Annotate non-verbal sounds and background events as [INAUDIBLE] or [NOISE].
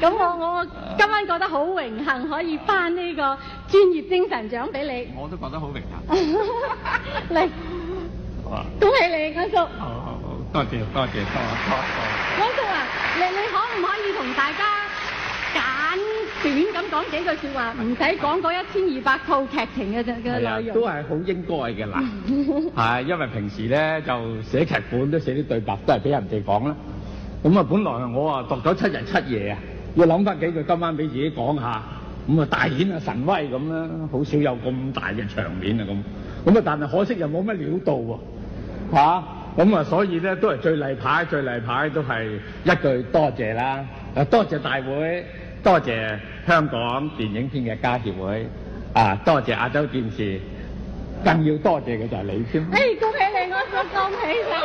咁我我今晚覺得好榮幸，可以頒呢個專業精神獎俾你。我都覺得好榮幸。嚟 [LAUGHS] 來，啊、恭喜你，安叔。好，好多謝多謝多謝。安叔啊，你你可唔可以同大家簡短咁講幾句説話，唔使講嗰一千二百套劇情嘅嘅內容。係啊、都係好應該嘅。嗱。係 [LAUGHS] 因為平時咧就寫劇本都寫啲對白，都係俾人哋講啦。咁啊，本來我啊讀咗七日七夜啊。要諗翻幾句今晚俾自己講下，咁啊大顯啊神威咁、啊、啦，好少有咁大嘅場面啊咁。咁啊，但係可惜又冇乜料到喎、啊，咁啊，啊，所以咧都係最例牌，最例牌都係一句多謝啦。啊，多謝大會，多謝香港電影片嘅家協會，啊，多謝亞洲電視，更要多謝嘅就係你先、啊。誒、哎，恭喜你，我我恭喜你。